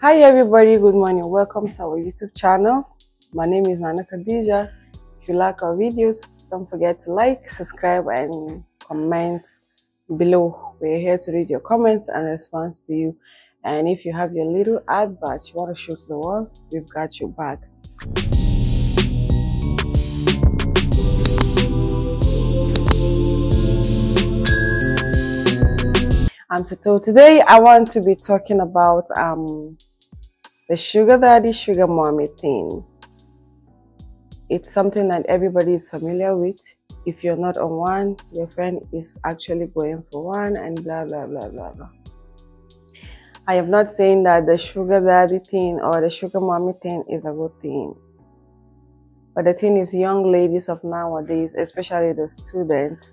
Hi everybody, good morning. Welcome to our YouTube channel. My name is Nana Khadija. If you like our videos, don't forget to like, subscribe and comment below. We're here to read your comments and response to you. And if you have your little advert you want to show to the world, we've got your back. And Tito. today I want to be talking about um, the sugar daddy, sugar mommy thing. It's something that everybody is familiar with. If you're not on one, your friend is actually going for one, and blah, blah, blah, blah, blah. I am not saying that the sugar daddy thing or the sugar mommy thing is a good thing. But the thing is, young ladies of nowadays, especially the students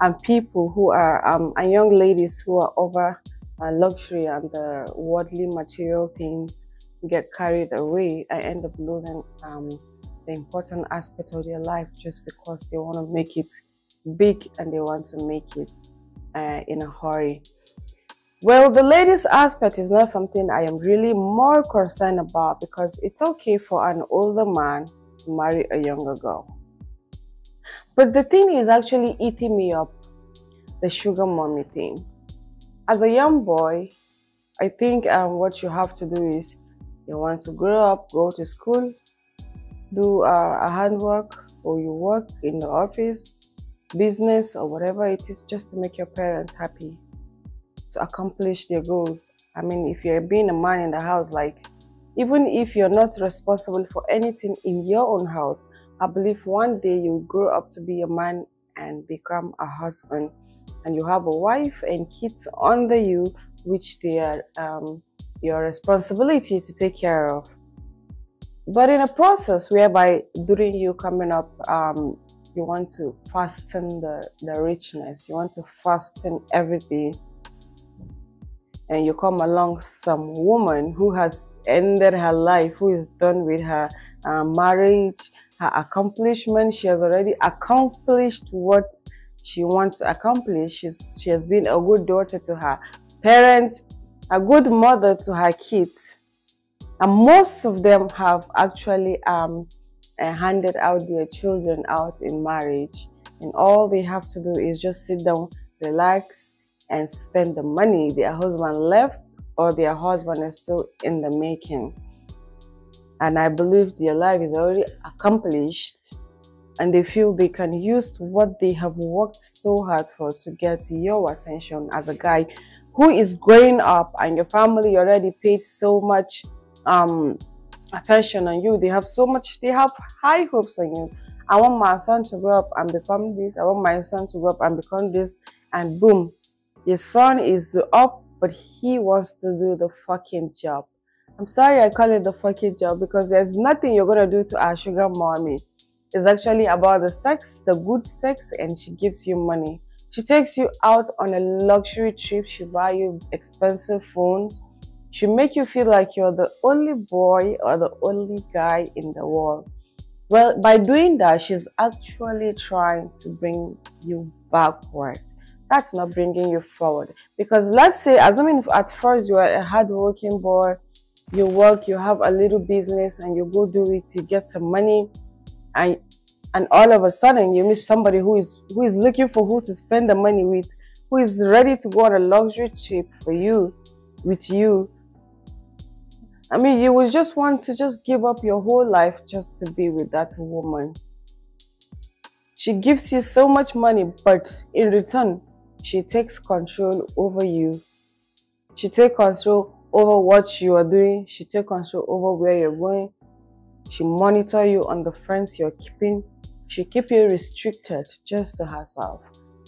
and people who are, um, and young ladies who are over uh, luxury and the worldly material things, get carried away, I end up losing um, the important aspect of their life just because they want to make it big and they want to make it uh, in a hurry. Well, the ladies' aspect is not something I am really more concerned about because it's okay for an older man to marry a younger girl. But the thing is actually eating me up the sugar mommy thing. As a young boy, I think um, what you have to do is you want to grow up, go to school, do uh, a, a handwork, or you work in the office, business, or whatever it is, just to make your parents happy, to accomplish their goals. I mean, if you're being a man in the house, like, even if you're not responsible for anything in your own house, I believe one day you'll grow up to be a man and become a husband, and you have a wife and kids under you, which they are. Um, your responsibility to take care of. But in a process whereby during you coming up, um, you want to fasten the, the richness, you want to fasten everything, and you come along some woman who has ended her life, who is done with her uh, marriage, her accomplishment, she has already accomplished what she wants to accomplish. She's, she has been a good daughter to her parents, a good mother to her kids. And most of them have actually um, uh, handed out their children out in marriage. And all they have to do is just sit down, relax, and spend the money their husband left or their husband is still in the making. And I believe their life is already accomplished and they feel they can use what they have worked so hard for to get your attention as a guy who is growing up and your family already paid so much um, attention on you. They have so much, they have high hopes on you. I want my son to grow up and become this. I want my son to grow up and become this. And boom, your son is up, but he wants to do the fucking job. I'm sorry I call it the fucking job because there's nothing you're gonna do to our sugar mommy. It's actually about the sex, the good sex, and she gives you money. She takes you out on a luxury trip. She buy you expensive phones. She make you feel like you're the only boy or the only guy in the world. Well, by doing that, she's actually trying to bring you backward. That's not bringing you forward. Because let's say, assuming at first you are a hardworking boy, you work, you have a little business, and you go do it, you get some money, and and all of a sudden you meet somebody who is who is looking for who to spend the money with who is ready to go on a luxury trip for you with you i mean you would just want to just give up your whole life just to be with that woman she gives you so much money but in return she takes control over you she takes control over what you are doing she takes control over where you're going she monitor you on the friends you're keeping she keep you restricted just to herself,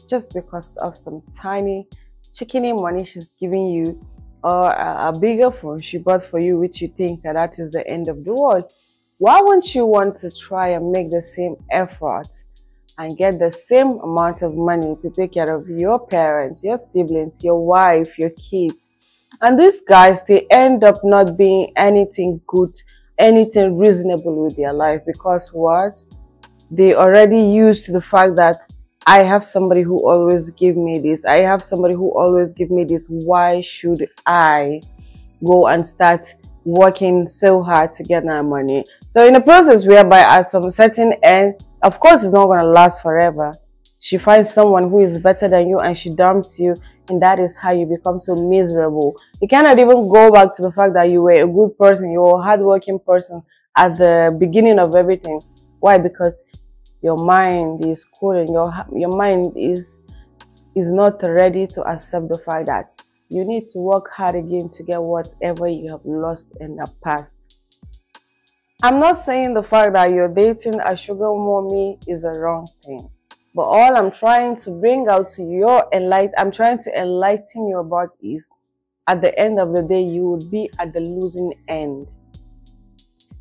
just because of some tiny chickeny money she's giving you or a, a bigger phone she bought for you, which you think that, that is the end of the world. Why won't you want to try and make the same effort and get the same amount of money to take care of your parents, your siblings, your wife, your kids? And these guys, they end up not being anything good, anything reasonable with their life because what? they already used the fact that I have somebody who always give me this. I have somebody who always give me this. Why should I go and start working so hard to get my money? So in a process whereby at some certain end, of course it's not going to last forever. She finds someone who is better than you and she dumps you and that is how you become so miserable. You cannot even go back to the fact that you were a good person, you were a hardworking person at the beginning of everything. Why? Because your mind is cool and your your mind is is not ready to accept the fact that you need to work hard again to get whatever you have lost in the past. I'm not saying the fact that you're dating a sugar mommy is a wrong thing, but all I'm trying to bring out to your enlight, I'm trying to enlighten you about is, at the end of the day, you would be at the losing end.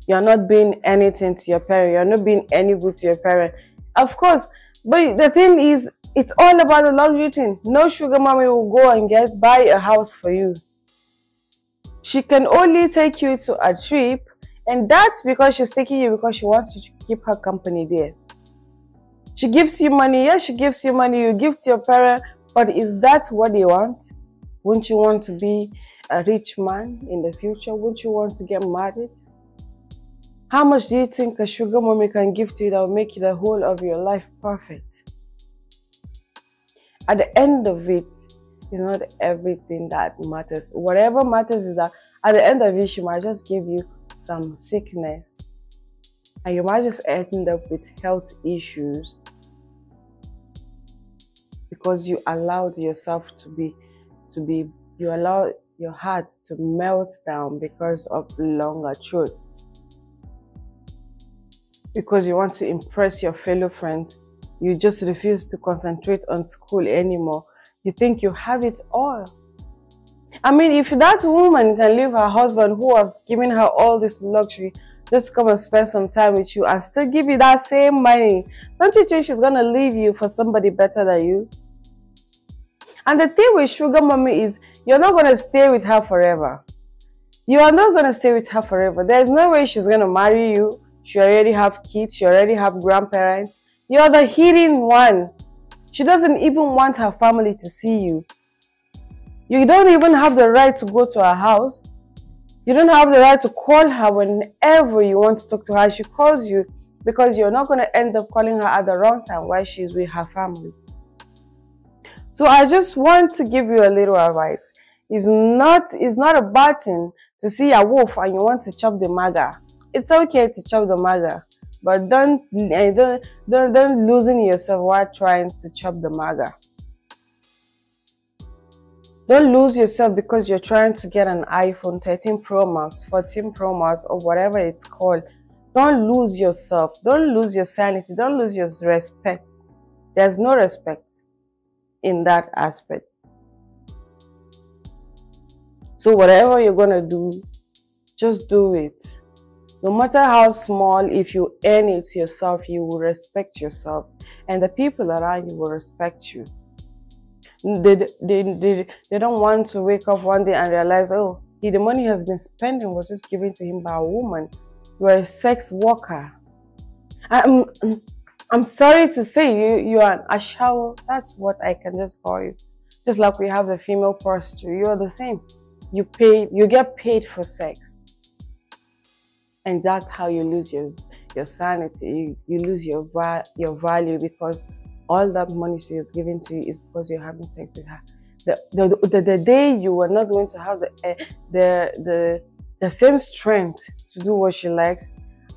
You're not being anything to your parent. You're not being any good to your parent. Of course, but the thing is, it's all about the luxury thing. No sugar mommy will go and get buy a house for you. She can only take you to a trip, and that's because she's taking you because she wants you to keep her company there. She gives you money, Yes, she gives you money, you give to your parent, but is that what they want? Wouldn't you want to be a rich man in the future? Wouldn't you want to get married? How much do you think a sugar mommy can give to you that will make you the whole of your life perfect? At the end of it, it's not everything that matters. Whatever matters is that at the end of it, she might just give you some sickness. And you might just end up with health issues because you allowed yourself to be, to be, you allowed your heart to melt down because of longer truths because you want to impress your fellow friends. You just refuse to concentrate on school anymore. You think you have it all. I mean, if that woman can leave her husband who was giving her all this luxury just come and spend some time with you and still give you that same money, don't you think she's gonna leave you for somebody better than you? And the thing with sugar mommy is you're not gonna stay with her forever. You are not gonna stay with her forever. There's no way she's gonna marry you she already have kids, she already have grandparents. You're the hidden one. She doesn't even want her family to see you. You don't even have the right to go to her house. You don't have the right to call her whenever you want to talk to her. She calls you because you're not going to end up calling her at the wrong time while she's with her family. So I just want to give you a little advice. It's not, it's not a bad thing to see a wolf and you want to chop the maga it's okay to chop the maga, but eh, don't don't don't don't losing yourself while trying to chop the maga. Don't lose yourself because you're trying to get an iPhone 13 Pro Max, 14 Pro Max, or whatever it's called. Don't lose yourself. Don't lose your sanity. Don't lose your respect. There's no respect in that aspect. So, whatever you're going to do, just do it. No matter how small, if you earn it yourself, you will respect yourself, and the people around you will respect you. They, they, they, they don't want to wake up one day and realize, oh, he, the money has been spending was just given to him by a woman. You are a sex worker. I'm, I'm sorry to say you, you are an ashawo. That's what I can just call you. Just like we have the female prostitute, you are the same. You pay, you get paid for sex and that's how you lose your your sanity you, you lose your your value because all that money she is giving to you is because you're having sex with her the the, the, the day you are not going to have the, uh, the the the same strength to do what she likes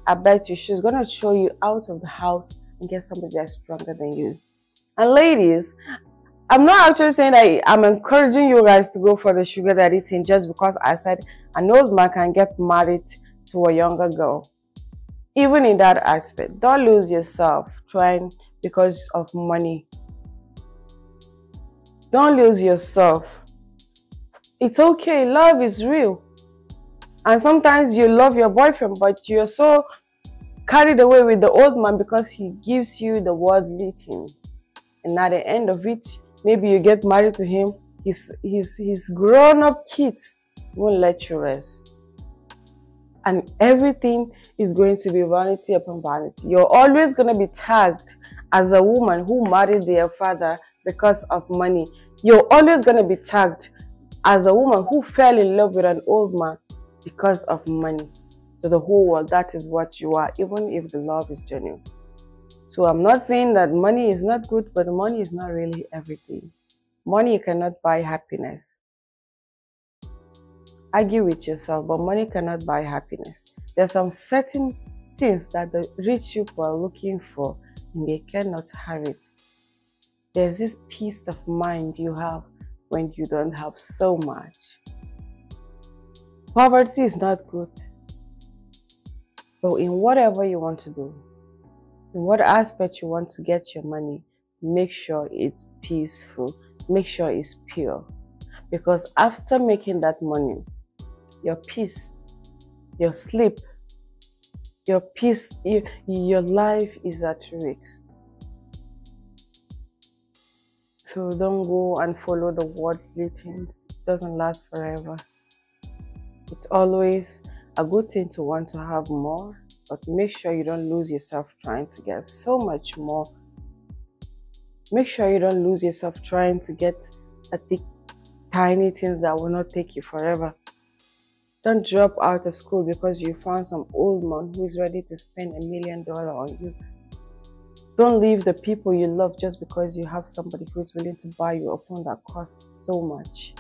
i bet you she's gonna show you out of the house and get somebody that's stronger than you and ladies I'm not actually saying that I'm encouraging you guys to go for the sugar daddy thing just because I said an old man can get married to a younger girl. Even in that aspect, don't lose yourself trying because of money. Don't lose yourself. It's okay, love is real. And sometimes you love your boyfriend, but you're so carried away with the old man because he gives you the worldly things. And at the end of it, maybe you get married to him, his, his, his grown up kids won't let you rest and everything is going to be vanity upon vanity. You're always going to be tagged as a woman who married their father because of money. You're always going to be tagged as a woman who fell in love with an old man because of money. To the whole world, that is what you are, even if the love is genuine. So I'm not saying that money is not good, but money is not really everything. Money cannot buy happiness argue with yourself, but money cannot buy happiness. There's some certain things that the rich people are looking for and they cannot have it. There's this peace of mind you have when you don't have so much. Poverty is not good. But in whatever you want to do, in what aspect you want to get your money, make sure it's peaceful, make sure it's pure. Because after making that money, your peace, your sleep, your peace, your, life is at risk. So don't go and follow the worldly things. It doesn't last forever. It's always a good thing to want to have more, but make sure you don't lose yourself trying to get so much more. Make sure you don't lose yourself trying to get at the tiny things that will not take you forever. Don't drop out of school because you found some old man who is ready to spend a million dollars on you. Don't leave the people you love just because you have somebody who is willing to buy you a phone that costs so much.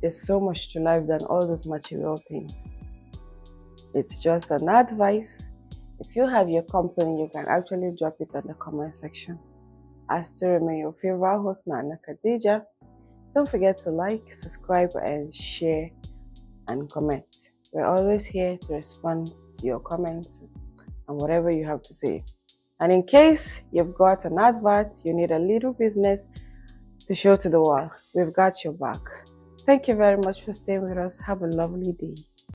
There's so much to life than all those material things. It's just an advice. If you have your complaint, you can actually drop it in the comment section. I still remain your favorite host, Nana Khadija. Don't forget to like, subscribe, and share and comment. We're always here to respond to your comments and whatever you have to say. And in case you've got an advert, you need a little business to show to the world, we've got your back. Thank you very much for staying with us. Have a lovely day.